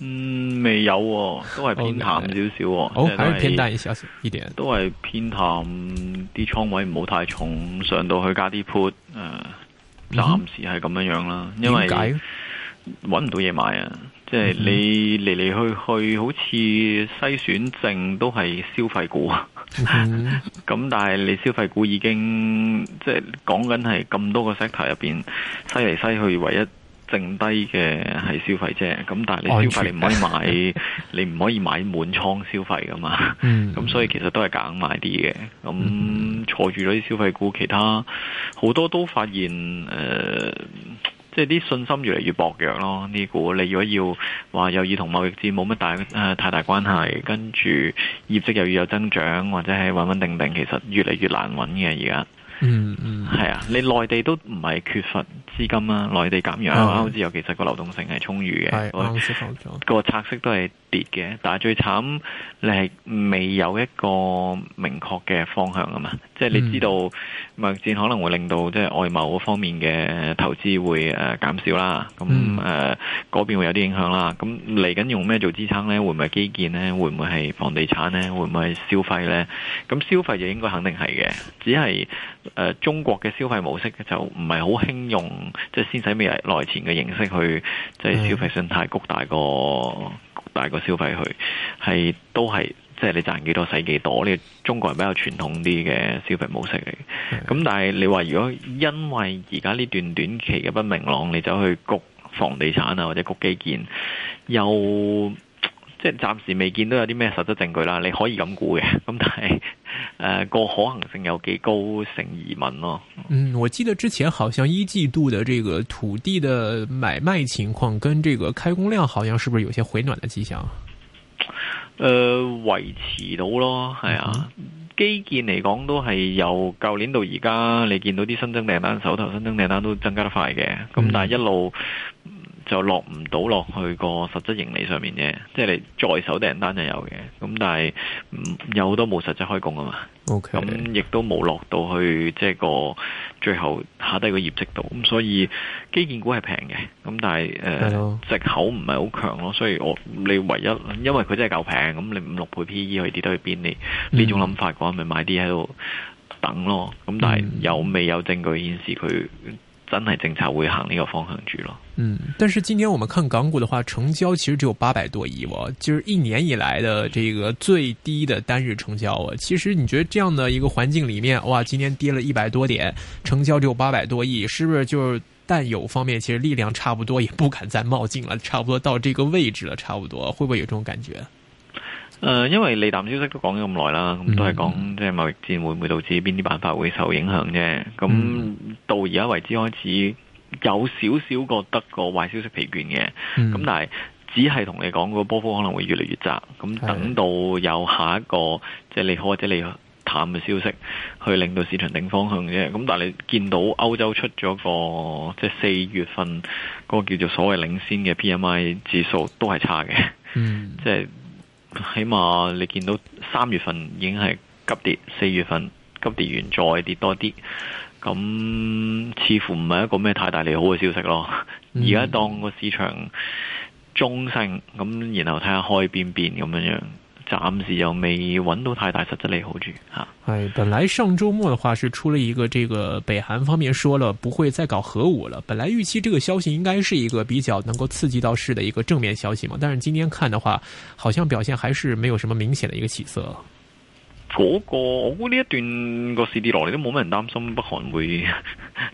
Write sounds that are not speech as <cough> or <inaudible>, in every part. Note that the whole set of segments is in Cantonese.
嗯，未有、哦，都係偏淡少少，都係偏淡，都係偏淡，啲倉位唔好太重，上到去加啲 put，誒、呃，暫時係咁樣樣啦，因為揾唔到嘢買啊，即係、嗯、哼你嚟嚟去去，好似篩選證都係消費股，咁、嗯、哼 <laughs> 但係你消費股已經即係講緊係咁多個 sector 喺入邊，篩嚟篩去唯一。剩低嘅係消費啫，咁但係你消費你唔可以買，全 <laughs> 你唔可以買滿倉消費噶嘛。咁、嗯 <laughs> 嗯、所以其實都係揀買啲嘅。咁坐住嗰啲消費股，其他好多都發現，誒、呃，即係啲信心越嚟越薄弱咯。呢股你如果要話又要同貿易戰冇乜大誒、呃、太大關係，跟住業績又要有增長或者係穩穩定定，其實越嚟越難揾嘅而家。嗯嗯，係啊，你內地都唔係缺乏。資金啊，內地減弱，啊，好似有其實個流動性係充裕嘅，個拆息都係跌嘅。但係最慘，你係未有一個明確嘅方向啊嘛，即、就、係、是、你知道，貿易戰可能會令到即係、就是、外貿嗰方面嘅投資會誒、呃、減少啦。咁誒嗰邊會有啲影響啦。咁嚟緊用咩做支撐呢？會唔會係基建呢？會唔會係房地產呢？會唔會係消費呢？咁消費就應該肯定係嘅，只係誒、呃、中國嘅消費模式就唔係好輕用。即係、嗯、先使未來錢嘅形式去，即、就、係、是、消費信貸谷大個大個消費去，係都係即係你賺幾多使幾多，呢中國人比較傳統啲嘅消費模式嚟咁、嗯、但係你話如果因為而家呢段短期嘅不明朗，你走去谷房地產啊或者谷基建，又即係暫時未見到有啲咩實質證據啦，你可以咁估嘅，咁但係。誒，個可行性有幾高，成疑問咯。嗯，我記得之前好像一季度的這個土地的買賣情況跟這個開工量，好像是不是有些回暖的跡象？誒、呃，維持到咯，係啊。嗯、哼基建嚟講都係由舊年到而家，你見到啲新增訂單、手頭新增訂單都增加得快嘅。咁、嗯、但係一路。就落唔到落去個實質盈利上面嘅，即係你在手訂單就有嘅，咁但係有好多冇實質開工啊嘛。OK。咁亦都冇落到去即係個最後下低個業績度，咁所以基建股係平嘅，咁但係誒藉口唔係好強咯。所以我你唯一因為佢真係夠平，咁你五六倍 P E 可以跌到去邊，你呢種諗法嘅話，咪買啲喺度等咯。咁但係有未有證據顯示佢？真係政策會行呢個方向住咯。嗯，但是今天我們看港股的話，成交其實只有八百多億喎、哦，就是一年以來的這個最低的單日成交啊、哦。其實你覺得這樣的一個環境裏面，哇，今天跌了一百多點，成交只有八百多億，是不是就是淡友方面其實力量差不多，也不敢再冒進了，差不多到這個位置了，差不多會不會有這種感覺？誒，因為利淡消息都講咗咁耐啦，咁、嗯、都係講即係貿易戰會唔會導致邊啲辦法會受影響啫。咁、嗯、到而家為止開始有少少覺得個壞消息疲倦嘅，咁、嗯、但係只係同你講個波幅可能會越嚟越窄。咁的等到有下一個即係利好或者利淡嘅消息，去令到市場頂方向啫。咁但係你見到歐洲出咗個即係四月份嗰個叫做所謂領先嘅 P M I 指數都係差嘅，即係、嗯。 <laughs> 即係起碼你見到三月份已經係急跌，四月份急跌完再跌多啲，咁似乎唔係一個咩太大利好嘅消息咯。而家、嗯、當個市場中性，咁然後睇下開邊變咁樣樣。暫時又未揾到太大實質利好住吓。誒、啊，哎，本來上週末嘅話是出了一個，這個北韓方面說了不會再搞核武了。本來預期這個消息應該是一個比較能夠刺激到市的一個正面消息嘛。但是今天看的話，好像表現還是沒有什麼明顯的一個起色。嗰個我估呢一段個市跌落嚟都冇乜人擔心北韓會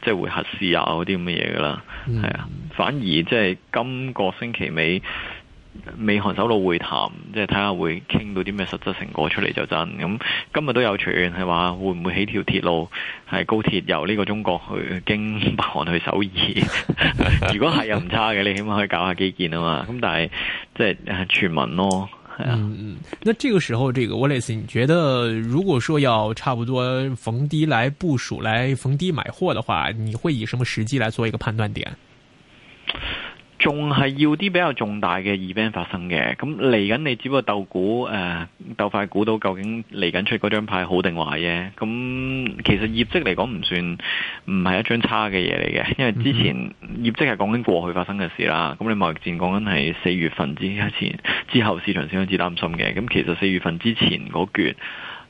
即係會核試啊，嗰啲咁嘅嘢噶啦，係啊、嗯。反而即係今個星期尾。美韓首腦會談，即係睇下會傾到啲咩實質成果出嚟，就真。咁今日都有傳言係話，會唔會起條鐵路，係高鐵由呢個中國去經北韓去首爾？ <laughs> 如果係又唔差嘅，你起碼可以搞下基建啊嘛。咁但係即係傳聞咯。係啊。嗯，那呢個時候，這個 Wallace，你覺得如果說要差不多逢低來部署，來逢低買貨的話，你會以什麼時機來做一個判斷點？仲係要啲比較重大嘅 event 發生嘅，咁嚟緊你只不過鬥股誒鬥快估到究竟嚟緊出嗰張牌好定壞啫。咁其實業績嚟講唔算唔係一張差嘅嘢嚟嘅，因為之前業績係講緊過去發生嘅事啦。咁你貿易戰講緊係四月份之前之後市場先開始擔心嘅。咁其實四月份之前嗰卷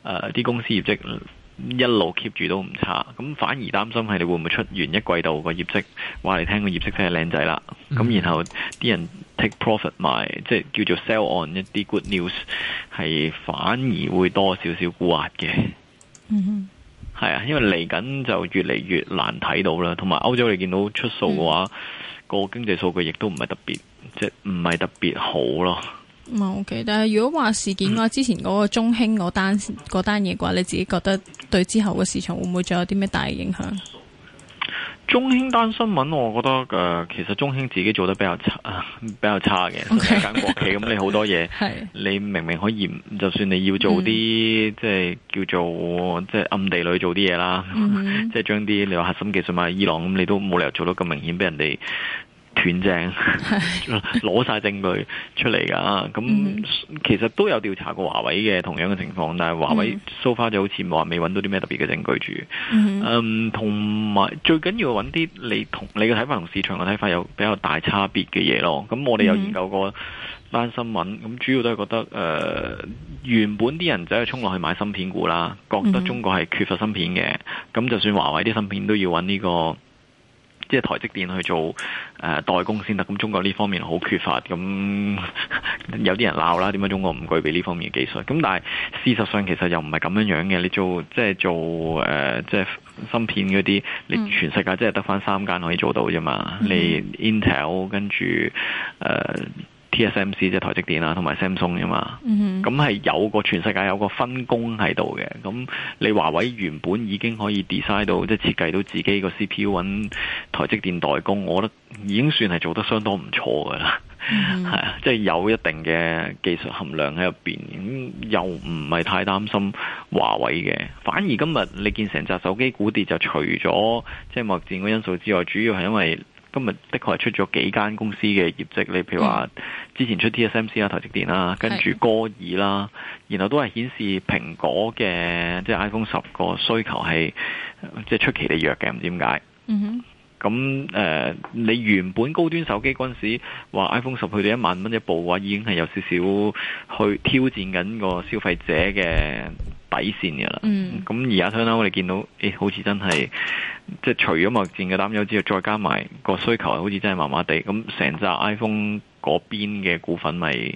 誒啲公司業績。一路 keep 住都唔差，咁反而擔心係你會唔會出完一季度個業績？話嚟聽個業績真係靚仔啦，咁、mm hmm. 然後啲人 take profit 埋，即係叫做 sell on 一啲 good news，係反而會多少少沽壓嘅。嗯哼、mm，係、hmm. 啊，因為嚟緊就越嚟越難睇到啦，同埋歐洲你見到出數嘅話，個、mm hmm. 經濟數據亦都唔係特別，即係唔係特別好咯。冇 OK，但係如果話事件嘅話，之前嗰個中興嗰單、嗯、單嘢嘅話，你自己覺得對之後嘅市場會唔會仲有啲咩大影響？中興單新聞，我覺得誒、呃，其實中興自己做得比較差，呃、比較差嘅。咁 Okay. 國企咁， <laughs> 你好多嘢， <laughs> 是你明明可以，就算你要做啲、嗯、即係叫做即係暗地裏做啲嘢啦，嗯、 <laughs> 即係將啲你話核心技術賣伊朗咁，你都冇理由做得咁明顯俾人哋。斷斷正，攞 <laughs> 晒證據出嚟噶，咁其實都有調查過華為嘅同樣嘅情況，但係華為 so far、嗯、哼就好似冇話未揾到啲咩特別嘅證據住，嗯，哼嗯，同埋最緊要揾啲你同你嘅睇法同市場嘅睇法有比較大差別嘅嘢咯。咁我哋有研究過單新聞，咁主要都係覺得誒、呃、原本啲人走去衝落去買芯片股啦，覺得中國係缺乏芯片嘅，咁就算華為啲芯片都要揾呢、這個。即係台積電去做誒、呃、代工先得，咁中國呢方面好缺乏，咁、嗯、 <laughs> 有啲人鬧啦，點解中國唔具備呢方面嘅技術？咁但係事實上其實又唔係咁樣樣嘅，你做即係做誒、呃、即係芯片嗰啲，你全世界即係得翻三間可以做到啫嘛，嗯、你 Intel 跟住誒。呃 TSMC 即係台積電啊同埋 Samsung 啊嘛，咁係、mm hmm. 有個全世界有個分工喺度嘅。咁你華為原本已經可以 design 到，即係設計到自己個 CPU 揾台積電代工，我覺得已經算係做得相當唔錯㗎啦。係啊、mm，即、hmm. 係、 <laughs> 就是、有一定嘅技術含量喺入邊，咁又唔係太擔心華為嘅。反而今日你見成紮手機股跌，古就除咗即係貿易戰個因素之外，主要係因為。今日的確係出咗幾間公司嘅業績，你譬如話之前出 TSMC 啦、台積電啦，跟住歌爾啦，的然後都係顯示蘋果嘅即係、就是、iPhone 十個需求係即係出奇地弱嘅，唔知點解。嗯哼。咁誒、呃，你原本高端手機嗰陣時話 iPhone 十去到一萬蚊一部嘅話，已經係有少少去挑戰緊個消費者嘅底線嘅啦。咁、嗯、而家睇翻我哋見到，誒、欸、好似真係即係除咗貿戰嘅擔憂之後，再加埋個需求好似真係麻麻地，咁成隻 iPhone 嗰邊嘅股份咪誒、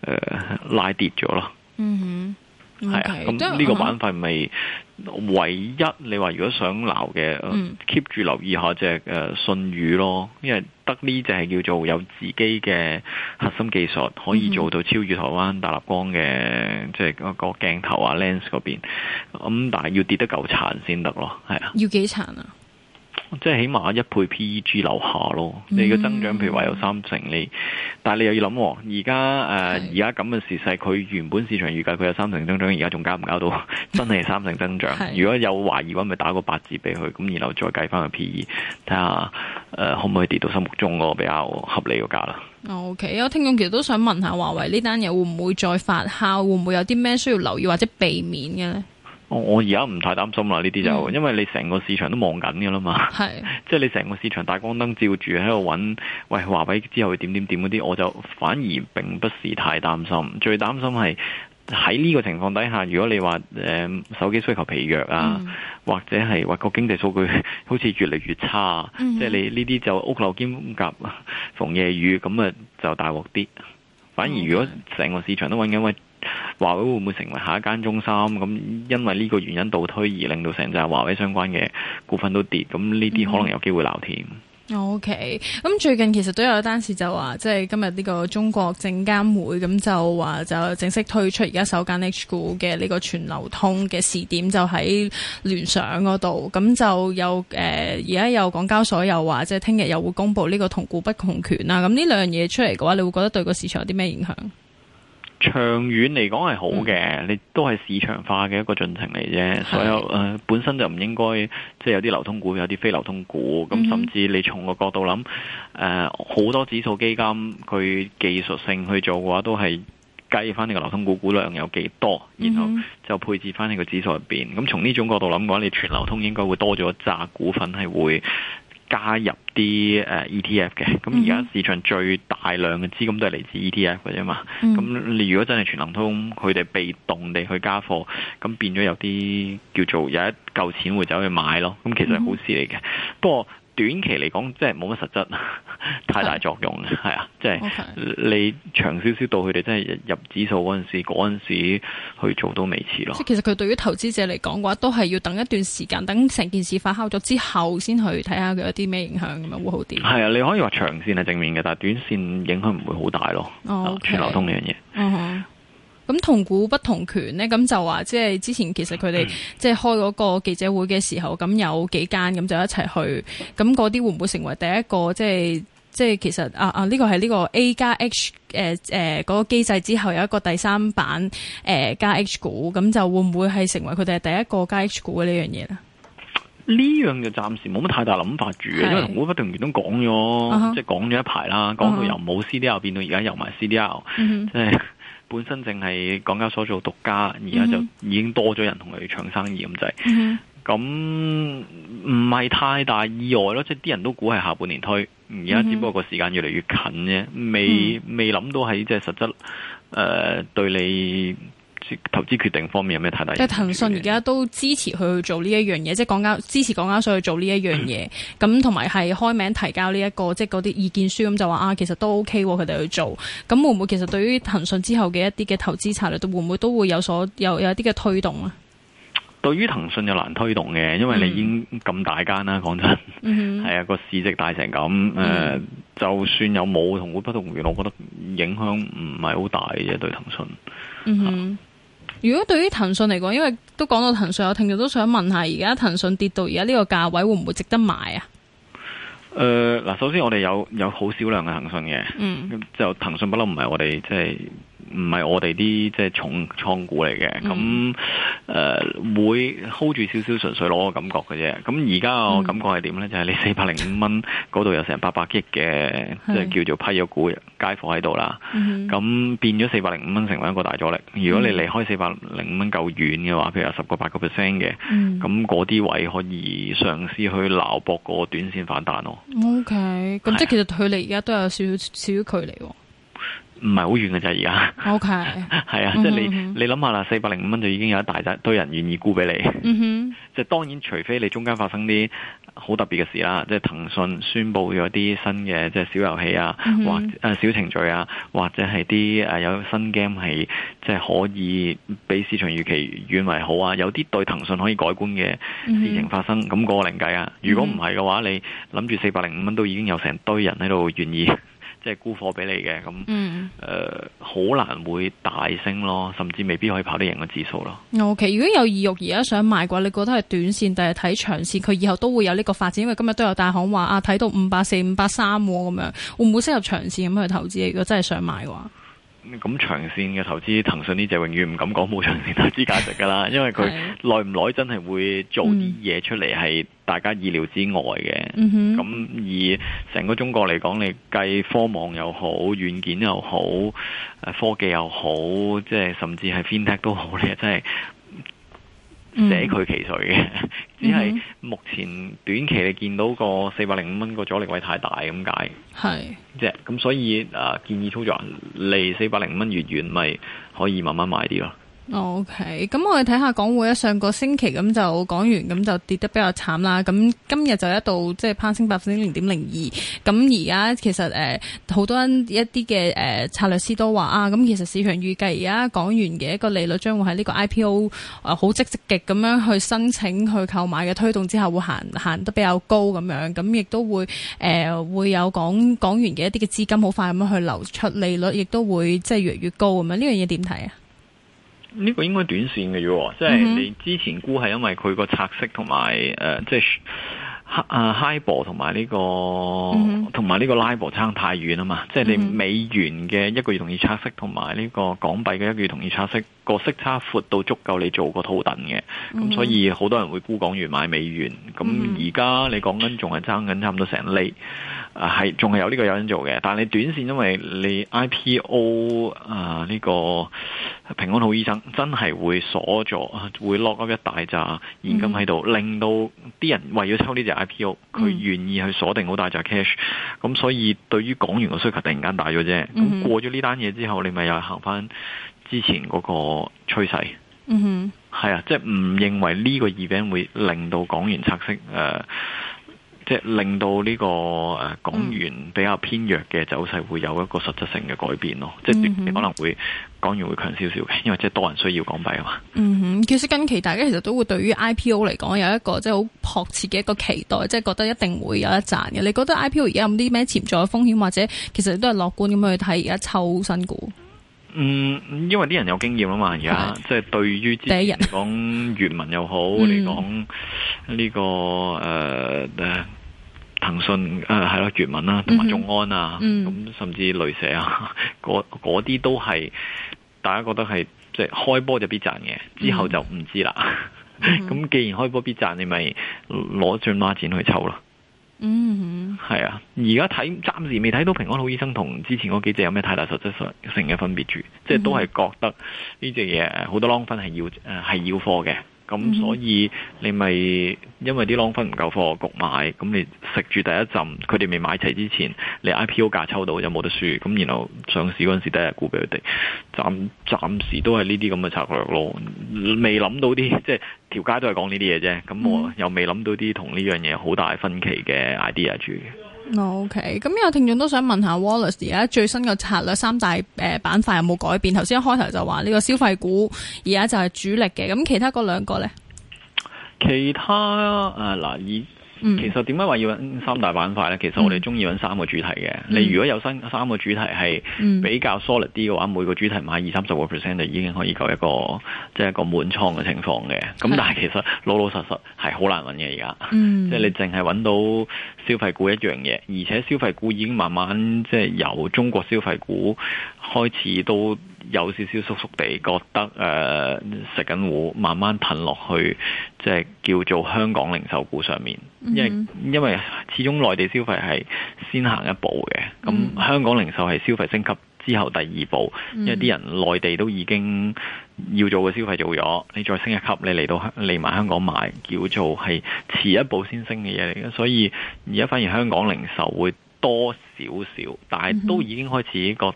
呃、拉跌咗咯。嗯哼。係啊，咁呢個板塊咪唯一你話如果想撈嘅、uh huh.，keep 住留意一下隻誒、uh, 舜宇咯，因為得呢隻係叫做有自己嘅核心技術，可以做到超越台灣大立光嘅、uh huh. 即係嗰個鏡頭啊 lens 嗰邊，咁、嗯、但係要跌得夠殘先得咯，係啊。要幾殘啊？即係起碼一倍 PEG 樓下咯，你個增長譬如話有三成，你、嗯、但係你又要諗，而家誒而家咁嘅時勢，佢原本市場預計佢有三成增長，而家仲搞唔搞到真係三成增長？ <laughs> 是如果有懷疑，咁咪打個八折俾佢，咁然後再計翻個 PE 睇下誒可唔可以跌到心目中嗰個比較合理個價啦。OK，我聽講其實都想問下華為呢單嘢會唔會再發酵，會唔會有啲咩需要留意或者避免嘅呢？哦、我而家唔太擔心啦，呢啲就、嗯、因為你成個市場都望緊嘅啦嘛，即係是你成個市場大光燈照住喺度揾，喂華為之後會點點點嗰啲，我就反而並不是太擔心。最擔心係喺呢個情況底下，如果你話誒、呃、手機需求疲弱啊，嗯、或者係話個經濟數據好似越嚟越差，即係、嗯、哼你呢啲就屋漏兼夾逢夜雨，咁啊就大鑊啲。反而如果成個市場都揾緊，喂～華為會唔會成為下一間中心？咁因為呢個原因倒推而令到成隻華為相關嘅股份都跌，咁呢啲可能有機會鬧天。O K，咁最近其實都有單事就話，即係今日呢個中國證監會咁就話就正式推出而家首間 H 股嘅呢個全流通嘅試點就聯，就喺聯想嗰度。咁就有誒，而家有港交所又話，即係聽日又會公布呢個同股不同權啦。咁呢兩樣嘢出嚟嘅話，你會覺得對個市場有啲咩影響？長遠嚟講係好嘅，你、嗯、都係市場化嘅一個進程嚟啫。的所以誒、呃、本身就唔應該，即係有啲流通股，有啲非流通股。咁、嗯、哼甚至你從個角度諗，誒、呃、好多指數基金佢技術性去做嘅話，都係計翻呢個流通股股量有幾多，然後就配置翻喺個指數入邊。咁從呢種角度諗嘅話，你全流通應該會多咗一扎股份係會加入啲誒 ETF 嘅，咁而家市場最大量嘅資金都係嚟自 ETF 嘅啫嘛。咁你、嗯、如果真係全能通，佢哋被動地去加貨，咁變咗有啲叫做有一嚿錢會走去買咯。咁其實係好事嚟嘅，嗯、不過。短期嚟講，即係冇乜實質，太大作用係啊！即係你長少少到佢哋真係入指數嗰陣時，嗰陣時去做都未遲咯。即係其實佢對於投資者嚟講嘅話，都係要等一段時間，等成件事發酵咗之後，先去睇下佢有啲咩影響咁樣，會好啲。係啊，你可以話長線係正面嘅，但係短線影響唔會好大咯。哦，oh, okay. 全流通呢樣嘢。嗯。Uh-huh. 咁同股不同權咧，咁就話即係之前其實佢哋即係開嗰個記者會嘅時候，咁有幾間咁就一齊去，咁嗰啲會唔會成為第一個即係即係其實啊啊呢、呢個係呢、呢個 A 加 H 誒誒嗰個機制之後有一個第三版誒、呃、加 H 股，咁就會唔會係成為佢哋第一個加 H 股嘅呢樣嘢呢？呢樣就暫時冇乜太大諗法住，是因為同股不同權都講咗，uh huh. 即係講咗一排啦，講到由冇 C D R 變到而家有埋 C D R，即係。Huh. 就是 <laughs> 本身淨係港交所做獨家，而家就已經多咗人同佢搶生意咁就係，咁唔係太大意外咯。即係啲人都估係下半年推，而家只不過個時間越嚟越近啫，未未諗到係即係實質誒、呃、對你。投資決定方面有咩太大？即係騰訊而家都支持佢去做呢一樣嘢，即係講緊支持港交所去做呢一樣嘢。咁同埋係開名提交呢、這、一個即係嗰啲意見書，咁就話啊，其實都 OK，佢、啊、哋去做。咁會唔會其實對於騰訊之後嘅一啲嘅投資策略，會唔會都會有所有有啲嘅推動啊？對於騰訊又難推動嘅，因為你已經咁大間啦，講真，係、嗯、 <laughs> 啊個市值大成咁。誒、嗯呃，就算有冇同股不同權，我覺得影響唔係好大嘅啫。對騰訊，嗯。 <coughs> 如果對於騰訊嚟講，因為都講到騰訊，我聽日都想問下，而家騰訊跌到而家呢個價位，會唔會值得買啊？誒，嗱，首先我哋有有好少量嘅騰訊嘅，咁、嗯、就騰訊不嬲唔係我哋即係。就是唔係我哋啲即係重倉股嚟嘅，咁誒、嗯嗯呃、會 hold 住少少純粹攞嘅感覺嘅啫。咁而家我感覺係點咧？就係、是、你四百零五蚊嗰度有成八百億嘅，是即係叫做批咗股街貨喺度啦。咁、嗯、哼變咗四百零五蚊成為一個大阻力。如果你離開四百零五蚊夠遠嘅話，譬如十個八個 percent 嘅，咁嗰啲位可以嘗試去撈博個短線反彈咯。OK，咁即係其實佢離而家都有少少少少距離。唔係好遠嘅咋，而家。O K，係啊，mm hmm. 即係你你諗下啦，四百零五蚊就已經有一大堆人願意沽俾你。哼、mm，hmm. 即係當然，除非你中間發生啲好特別嘅事啦，即係騰訊宣布咗啲新嘅即係小遊戲、mm hmm. 啊，或誒小程序啊，或者係啲誒有新 game 係即係可以比市場預期遠為好啊，有啲對騰訊可以改觀嘅事情發生，咁過另計啊。如果唔係嘅話，你諗住四百零五蚊都已經有成堆人喺度願意。即係沽貨俾你嘅，咁誒好難會大升咯，甚至未必可以跑得贏個指數咯。OK，如果有意欲而家想買嘅話，你覺得係短綫定係睇長綫？佢以後都會有呢個發展，因為今日都有大行話啊，睇到五百四、五百三咁樣，會唔會適合長綫咁去投資？如果真係想買嘅話？咁長線嘅投資，騰訊呢隻永遠唔敢講冇長線投資價值噶啦，因為佢耐唔耐真係會做啲嘢。出嚟係大家意料之外嘅。咁 <laughs> 而成個中國嚟講，你計科網又好，軟件又好，科技又好，即係甚至係 FinTech 都好咧，真係。寫佢其馀嘅，嗯、 <laughs> 只係目前短期你見到個四百零五蚊個阻力位太大咁解，係即係咁，所以啊建議操作人離四百零五蚊越遠咪可以慢慢買啲咯。OK，咁我哋睇下港匯咧，上個星期咁就港元咁就跌得比較慘啦。咁今日就一度即係、就是、攀升百分之零點零二。咁而家其實誒，好、呃、多一啲嘅誒策略師都話啊，咁其實市場預計而家港元嘅一個利率將會喺呢個 IPO 誒好積極咁樣去申請去購買嘅推動之下，會行行得比較高咁樣。咁亦都會誒、呃、會有港港元嘅一啲嘅資金好快咁樣去流出，利率亦都會即係越嚟越高咁樣。呢樣嘢點睇啊？呢個應該短線嘅啫，即係你之前估係因為佢個拆息同埋誒，即係啊 HIBOR 同埋呢個同埋呢個 LIBOR 差太遠啊嘛，mm hmm. 即係你美元嘅一個月同業拆息，同埋呢個港幣嘅一個月同業拆息。個息差闊到足夠你做個套戥嘅，咁、mm hmm. 所以好多人會沽港元買美元。咁而家你講緊仲係爭緊差唔多成厘，啊係仲係有呢個有人做嘅。但係你短線因為你 IPO 啊呢、這個平安好醫生真係會鎖咗，會 lock up 一大紮現金喺度，mm hmm. 令到啲人為咗抽呢隻 IPO，佢願意去鎖定好大扎 cash、mm。咁、hmm. 所以對於港元嘅需求突然間大咗啫。咁、mm hmm. 過咗呢單嘢之後，你咪又行翻，之前嗰個趨勢，嗯哼，係啊，即係唔認為呢個 event 會令到港元拆息，誒、呃，即、就、係、是、令到呢個誒港元比較偏弱嘅走勢會有一個實質性嘅改變咯，即係你可能會港元會強少少嘅，因為即係多人需要港幣啊嘛。嗯哼，其實近期大家其實都會對於 IPO 嚟講有一個即係好迫切嘅一個期待，即、就、係、是、覺得一定會有得賺嘅。你覺得 IPO 而家有啲咩潛在風險，或者其實都係樂觀咁去睇而家抽新股？嗯，因為啲人有經驗啊嘛，而家的即係對於之前嚟講，閱文又好，你講呢個誒誒，騰訊誒係咯，閱、呃、文啊，同埋眾安啊，咁、嗯嗯、甚至雷蛇啊，啲 <laughs> 都係大家覺得係即係開波就必賺嘅，之後就唔知啦。咁、嗯、 <laughs> 既然開波必賺，你咪攞孖展錢去抽咯。嗯，哼、mm，係、hmm. 啊，而家睇，暫時未睇到平安好醫生同之前嗰幾隻有咩太大實質性嘅分別住，即係都係覺得呢隻嘢好多 long 分係要，誒係要貨嘅。咁、嗯嗯、所以你咪因為啲 long 分唔夠貨局買，咁你食住第一浸，佢哋未買齊之前，你 IPO 價抽到就冇得輸。咁然後上市嗰陣時，第一日估俾佢哋。暫暫時都係呢啲咁嘅策略咯，未諗到啲即係條街都係講呢啲嘢啫。咁我又未諗到啲同呢樣嘢好大分歧嘅 idea 住。OK，咁有聽眾都想問下 Wallace，而家最新嘅策略三大誒板塊有冇改變？頭先一開頭就話呢個消費股而家就係主力嘅，咁其他嗰兩個呢？其他啊，嗱、啊、以。嗯、其實點解話要揾三大板塊呢？其實我哋中意揾三個主題嘅。嗯、你如果有新三個主題係比較 solid 啲嘅話，嗯、每個主題買二三十個 percent 就已經可以夠一個即係、就是、一個滿倉嘅情況嘅。咁的但係其實老老實實係好難揾嘅而家。即係、嗯、你淨係揾到消費股一樣嘢，而且消費股已經慢慢即係、就是、由中國消費股開始都。有少少縮縮地，覺得誒食緊糊慢慢褪落去，即係叫做香港零售股上面。Mm hmm. 因為因為始終內地消費係先行一步嘅，咁香港零售係消費升級之後第二步。Mm hmm. 因為啲人內地都已經要做嘅消費做咗，你再升一級，你嚟到嚟埋香港買，叫做係遲一步先升嘅嘢嚟嘅，所以而家反而香港零售會多少少，但係都已經開始覺。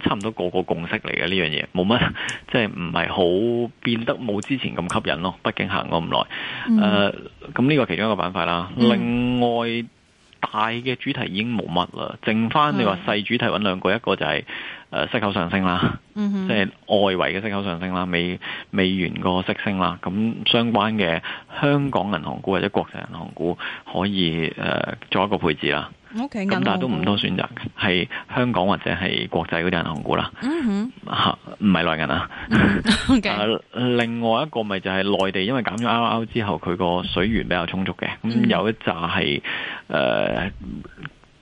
差唔多個個共識嚟嘅呢樣嘢，冇乜，即係唔係好，變得冇之前咁吸引咯。畢竟行咗咁耐，誒咁呢個其中一個板塊啦。另外大嘅主題已經冇乜啦，剩返你話細主題揾兩個，一個就係、是、誒、呃、息口上升啦，mm hmm. 即係外圍嘅息口上升啦，美美元個息升啦，咁相關嘅香港銀行股或者國際銀行股可以誒、呃、做一個配置啦。咁，okay, 但係都唔多選擇，係香港或者係國際嗰啲銀行股啦。唔係內銀啊。另外一個咪就係內地，因為減咗 R O 之後，佢個水源比較充足嘅。咁、嗯 mm hmm. 有一扎係誒，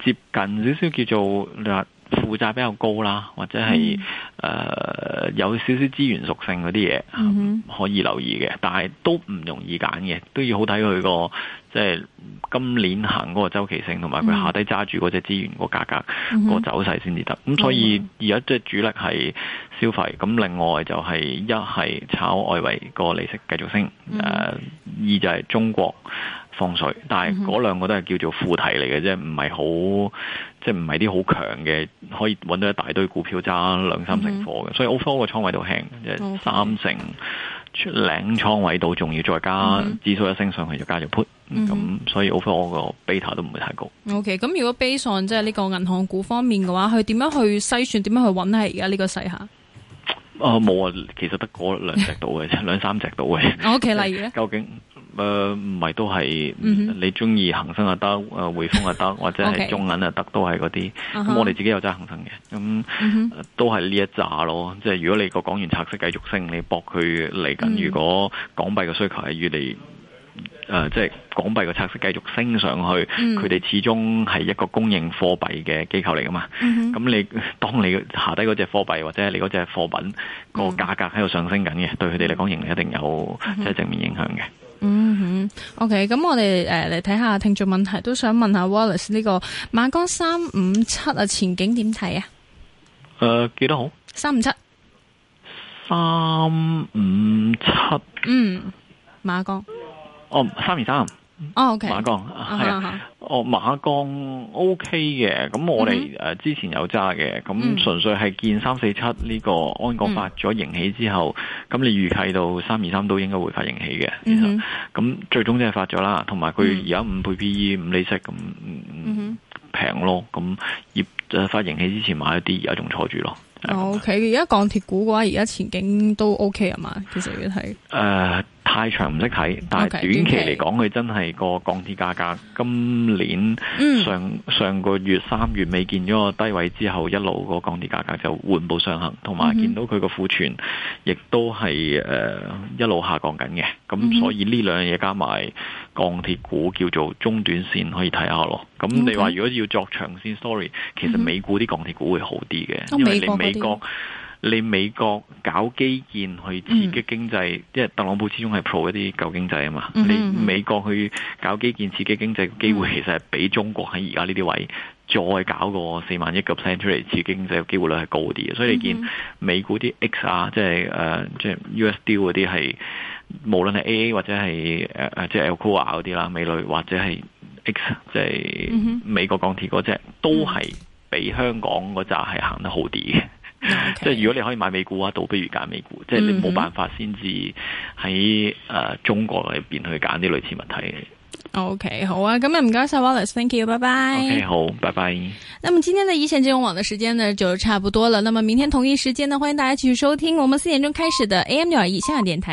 接近少少叫做負債比較高啦，或者係誒的、呃、有少少資源屬性嗰啲嘢，嗯、哼可以留意嘅，但係都唔容易揀嘅，都要好睇佢個即係今年行嗰個周期性，同埋佢下低揸住嗰隻資源個價格個、嗯、哼走勢先至得。咁所以而家即係主力係消費，咁另外就係、是、一係炒外圍個利息繼續升，誒、嗯、哼二就係中國放水，但係嗰兩個都係叫做副題嚟嘅啫，唔係好。即係唔係啲好強嘅，可以揾到一大堆股票揸兩三成貨嘅，mm hmm. 所以 offer 個倉位都輕，Okay. 即係三成出領倉位度，仲要再加、mm hmm. 指數一升上去就加入 put，咁、mm hmm. 所以 offer 個 beta 都唔會太高。OK，咁如果 based on 即係呢個銀行股方面嘅話，佢點樣去篩選，點樣去揾咧？而家呢個市下？啊冇啊，其實得嗰兩隻到嘅啫，兩 <laughs> 三隻到嘅。OK，例如咧？ <laughs> 究竟？誒唔係都係、嗯、哼你中意恒生啊得，誒匯豐啊得，或者係中銀啊得，都係嗰啲。咁我哋自己有揸恒生嘅，咁都係呢一揸咯。即係如果你個港元拆息繼續升，你博佢嚟緊。如果港幣嘅需求係越嚟誒，即係港幣嘅拆息繼續升上去，佢哋始終係一個供應貨幣嘅機構嚟㗎嘛。咁你當你下低嗰隻貨幣或者你嗰隻貨品個價格喺度上升緊嘅，對佢哋嚟講盈利一定有即係正面影響嘅。O.K.，咁我哋誒嚟睇下聽眾問題，都想問下 Wallace 呢個馬鋼三五七啊前景點睇啊？誒、uh，幾多號？三五七。三五七。嗯，馬鋼。哦，三二三。哦，OK，馬鋼係啊，okay、我馬鋼 OK 嘅，咁我哋誒之前有揸嘅，咁純粹係見三四七呢個鞍鋼發咗盈喜之後，咁、嗯、你預計到三二三都應該會發盈喜嘅，嗯、哼其咁最終真係發咗啦，同埋佢而家五倍 P E、五利息咁平咯，咁業誒發盈喜之前買一啲而家仲坐住咯。OK 而家鋼鐵股嘅話，而家前景都 OK 啊嘛，其實要睇誒。呃太長唔識睇，但係短期嚟講，佢真係個鋼鐵價格今年上、嗯、上個月三月尾見咗個低位之後，一路個鋼鐵價格就緩步上行，同埋見到佢個庫存亦都係誒、呃、一路下降緊嘅。咁所以呢兩樣嘢加埋鋼鐵股叫做中短線可以睇下咯。咁你話如果要作長線 story，其實美股啲鋼鐵股會好啲嘅，因為你美國。你美國搞基建去刺激經濟，即係、嗯、特朗普始終係 pro 一啲舊經濟啊嘛。嗯、你美國去搞基建刺激經濟嘅機會其實係比中國喺而家呢啲位再搞個四萬億個 percent 出嚟刺激經濟嘅機會率係高啲嘅。所以你見美股啲 X 啊、呃，即係誒即係 USD 啲係無論係 AA 或者係誒誒即係 Alcoa 啲啦，美鋁或者係 X，即係美國鋼鐵嗰隻，都係比香港嗰扎係行得好啲嘅。即係 Okay. 如果你可以買美股啊，倒不如揀美股。即係你冇辦法先至喺誒中國裏邊去揀啲類似問題。OK 好啊，咁啊唔該晒 Wallace，thank you，拜拜。OK 好，拜拜。那麼今天的一線金融網的時間呢就，就差不多了。那麼明天同一時間呢，歡迎大家繼續收聽我們四點鐘開始的 AM 九二一香港電台。